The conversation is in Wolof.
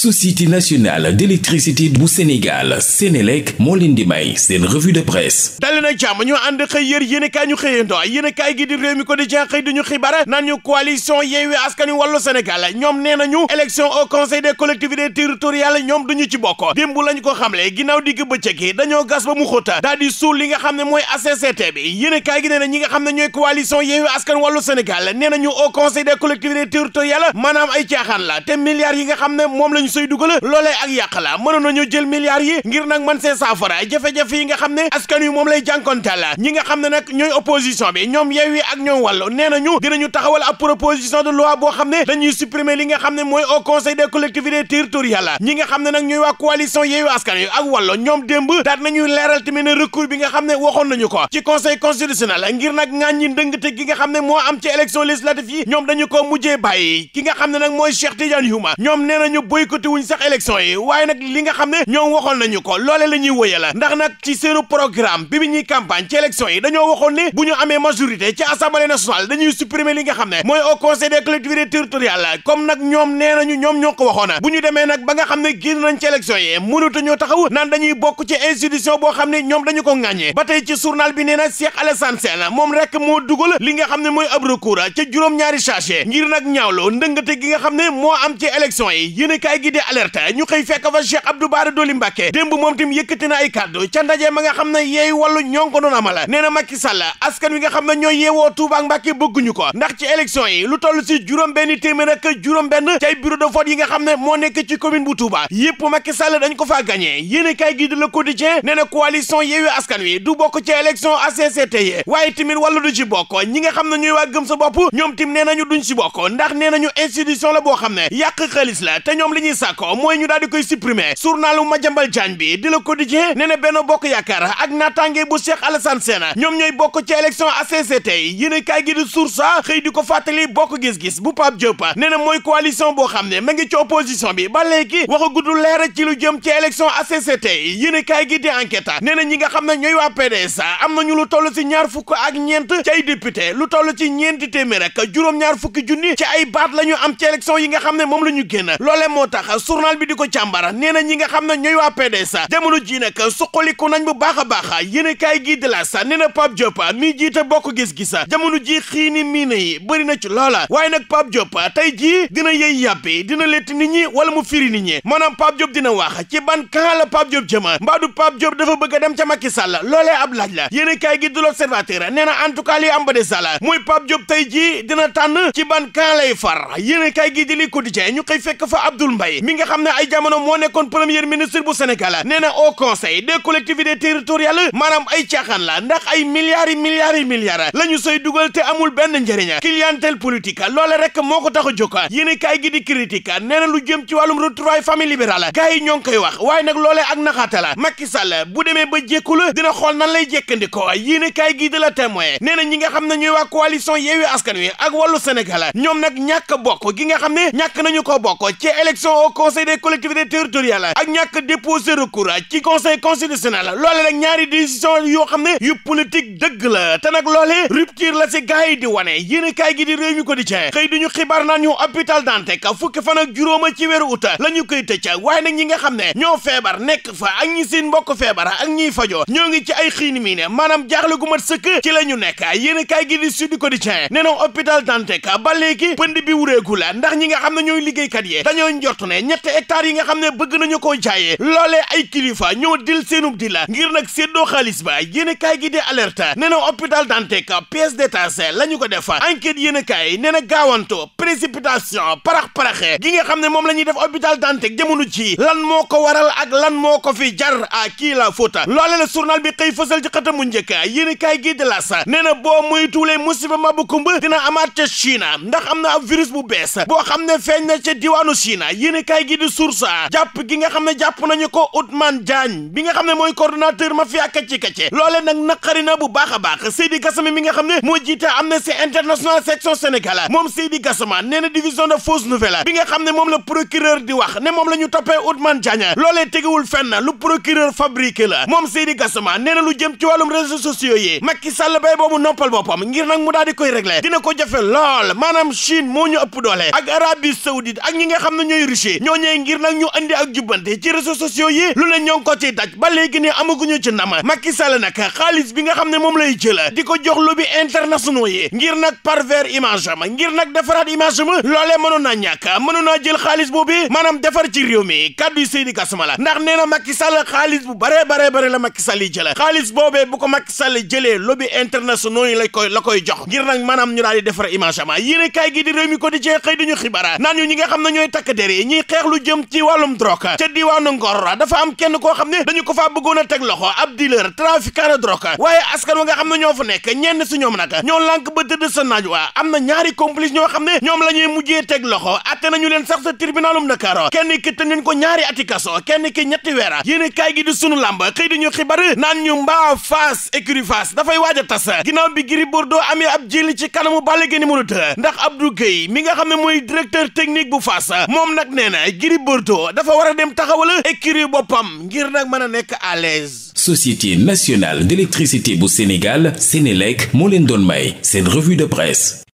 société nationale d'électricité bu Sénégal Sénélec moo leen di may seen revue de presse dali nag jàmm ñu ànd xëy yër yéenekaay ñu xëyando yéenekaay gi di réew mi ko di jenxëy duñu xibaar naan ñu coalition Yewwi Askan Wi Wallu Sénégal ñoom nee nañu élection au conseil des collectivités territoriales ñoom duñu ci bokk démb lañ ko xamle ginnaaw digg bëccëg dañoo gas ba mu xóota daal suul li nga xam ne mooy a bi yéenekaay gi nee na ñi nga xam nee nañu sey dugala loolee ak yàq la mënoon nañu jël milliards yi ngir nag man see saafara jafe-jafe yi nga xam ne askan wi moom lay jànkonteel ñi nga xam ne nag ñooy opposition bi ñoom Yewwi ak ñoom Wallu nee nañu dinañu taxawal ab proposition de loi boo xam ne dañuy supprimer li nga xam ne mooy au conseil des collectivités territoriales ñi nga xam ne nag ñooy waa coalition Yewwi Askan yi ak Wallu ñoom démb daat nañu leeral tamit ne recours bi nga xam ne waxoon nañu ko ci conseil constitutionnel ngir nag ŋàññi ndëngte gi nga xam ne moo am ci élection législative yi ñoom dañu ko mujjee bàyyi ki nga xam ne nag mooy Cheikh Tidiane Youma ñoom nee nañu boycott boycotté wuñ sax yi waaye nag li nga xam ne ñoom waxoon nañu ko loole la ñuy wëya la ndax nag ci seenu programme bi bi ñuy campagne ci yi dañoo waxoon ne bu ñu amee majorité ci assemblée nationale dañuy supprimer li nga xam ne mooy au conseil des collectivités territoriales comme nag ñoom nee nañu ñoom ñoo ko waxoon bu ñu demee nag ba nga xam ne génn nañ ci élection yi mënutu ñoo taxaw naan dañuy bokk ci institution boo xam ne ñoom dañu ko ŋàññee ba tey ci journal bi nee na Cheikh Alassane Sène moom rek moo dugal li nga xam ne mooy ab recours ca juróom-ñaari sachet ngir nag ñaawlu ndëngate gi nga xam ne moo am ci élection yi yéen kaay gi gi di alerte ñu xëy fekk fa Cheikh Abdou Bara Dolly Mbacké démb moom tam yëkkati ay kàddu ca ndaje ma nga xam ne yeey wàllu ñoo ngi ko doon amal nee na askan wi nga xam ne ñooy yeewoo Touba ak bëgguñu ko ndax ci élection yi lu toll si juróom benn téeméer ak juróom benn cay bureau de vote yi nga xam ne moo nekk ci commune bu Touba yépp Macky Sall dañ ko faa gagné yéene kaay gi di Le Quotidien nee na askan wi du bokk ci élection ACCT yi waaye tamit wàllu du ñi nga xam ne ñooy waa gëm sa bopp ñoom tim nee nañu duñ si bokk boo xam ne yàq xaalis sàkko mooy ñu daal di koy supprimer journalu Madiambal Diagne bi di la Quotidien nee na Benno Bokk Yaakaar ak naataange bu Cheikh Alassane Sène ñoom ñooy bokk ci élection ACCT yi yéen kaay gi di Source A xëy di ko fàttali bokk gis-gis bu Pape Diop nee na mooy coalition boo xam ne ma ngi ci opposition bi ba léegi wax a gudd leer ci lu jëm ci élection ACCT yi yéen kaay gi di enquête nee na ñi nga xam ne ñooy waa PDS am nañu lu toll ci ñaar fukk ak ñeent ci ay député lu toll ci ñeenti téeméer ak juróom-ñaar fukki junni ci ay baat la am ci élection yi nga xam ne moom la ñu génn loolee moo tax journal bi di ko càmbara nee na ñi nga xam ne ñooy waa PDS jamono ji nag suqaliku nañ bu baax a baax yéen kaay gi de la sa nee na Pape Diop mi jiite bokk gis-gisa jamono ji xiini miina yi bëri na ci loola waaye nag Pape Diop tey jii dina yey yàbbi dina létt nit ñi wala mu firi nit ñi maanaam Pape Diop dina wax ci ban kan la Pape Diop jëma mbaadu Pape Diop dafa bëgg dem ca Macky Sall loolee ab laaj la yéen kaay gi de l'Observateur nee na en tout cas li am ba de sala muy Pape Diop tey jii dina tànn ci ban kan lay far yéen kaay gi di ñu koy fekk fa Abdoul Mbaye mi nga xam ne ay jamono moo nekkoon premier ministre bu Sénégal nee na au conseil des collectivités territoriales maanaam ay caaxaan la ndax ay milliards yi milliards yi milliards la ñu say dugal te amul benn njëriña clientèle politique loole rek moo ko tax a jóg yéen kaay gi di critique nee na lu jëm ci wàllum retrouvailles famille libérale gars yi ñoo ngi koy wax waaye nag loolee ak naxaata la Macky Sall bu demee ba jékkul dina xool nan lay jékkandikoo yéen kaay gi de la témoin nee na ñi nga xam ne ñooy waa coalition Yewwi Askan Wi ak wàllu Sénégal ñoom nag ñàkk bokk gi nga xam ne ñàkk nañu ko bokk ci élection au conseil des collectivités territoriales ak ñàkk déposer recours ci conseil constitutionnel loole nag ñaari décision yoo xam ne yu politique dëgg la te nag loole rupture la si gars yi di wane yéen kaay gi di réew ñu ko di cee xëy duñu xibaar naan ñu hôpital Dantec fukki fan ak juróoma ci weeru ut la ñu koy tëj waaye nag ñi nga xam ne ñoo feebar nekk fa ak ñi seen mbokk feebar ak ñiy fajo ñoo ngi ci ay xiin mii ne maanaam jaaxle gu mat sëkk ci la ñu nekk yéen kaay gi di Sud Quotidien nee na hôpital Dantec ba léegi pënd ndax ñi nga xam ñooy liggéeykat yi dañoo njort ne ñetti hectares yi nga xam ne bëgg nañu koo jaayee loole ay kilifa ñoo dil seenub di la ngir nag séddoo xaalis ba yéen kaay gi di alerte nee na hôpital Dantec pièce détachée la ñu ko def enquête yéen kaay nee na gaawanto précipitation parax-paraxee gi nga xam ne moom la ñuy def hôpital Dantec jamono ji lan moo ko waral ak lan moo ko fi jar à kii la fóota loole la journal bi xëy fësal ci xëtamu njëkk yéen kaay gi di las nee na boo muy tuulee musiba ma dina amaat ca Chine ndax am na ab virus bu bees boo xam feeñ na ca diwaanu Chine yéenekaay gi di A jàpp gi nga xam ne jàpp nañu ko Ousmane Diagne bi nga xam ne mooy coordonnateur mafia kacci kacci loole nag naqari na bu baax a baax Seydi Gassama mi nga xam ne moo jiite Amnesty International section Sénégal moom Seydi Gassama nee na division de fausse nouvelle bi nga xam ne moom la procureur di wax ne moom la ñu toppee Ousmane Diagne loolee tegewul fenn lu procureur fabriqué la moom Seydi Gassama nee na lu jëm ci wàllum réseaux sociaux yi Macky Sall bay boobu noppal boppam ngir nag mu daal di koy réglé dina ko jafe lool maanaam Chine moo ñu ëpp doole ak Arabie Saoudite ak ñi nga xam ne ñooy Russie ci ñooñee ngir nag ñu andi ak jubbante ci so sociaux yi lu ne ñoo ngi ko ciy daj ba léegi ne amaguñu ci ndam Macky Sall xaalis bi nga xam ne moom lay jël di ko jox lobby internationaux yi ngir nag parfaire image am ngir nag defaraat image am loolee mënoon naa ñàkk mënoon naa jël xaalis boobu maanaam defar ci réew mi kaddu Seydi Gassama la ndax nee na Macky Sall xaalis bu bare bare bare la Macky yi jël xaalis boobee bu ko Macky Sall jëlee lobby internationaux yi la koy la koy jox ngir nag maanaam ñu daal di defar image am yéen kay gi di ko di cee xëy duñu xibaar naan ñu ñi nga xam ne ñooy ñuy xeex lu jëm ci wàllum drogue ca diwaanu Ngor dafa am kenn koo xam ne dañu ko fa bëggoon a teg loxo ab dealer trafiquant de drogue waaye askan wa nga xam ne ñoo fa nekk ñenn si ñoom nag ñoo lànk ba tëdd sa naaj waa am na ñaari complice ñoo xam ne ñoom la ñuy mujjee teg loxo atte nañu leen sax sa tribunalum Dakar kenn ki tëj nañ ko ñaari ati kaso kenn ki ñetti weer yéen kaay gi di sunu làmb xëy dañu xibar naan ñu mbaa Fass écurie Fass dafay waaj a tas ginnaaw bi Gris Bordeaux amee ab jëli ci kanamu Balla Gaye numéro 2 ndax Abdou Gueye mi nga xam ne mooy directeur technique bu Fass moom nag nee nee na Gris dafa war a dem taxawal écurie boppam ngir nag mën a nekk à l'aise société nationale d'électricité bu Sénégal Sénélec moo leen doon may seen revue de presse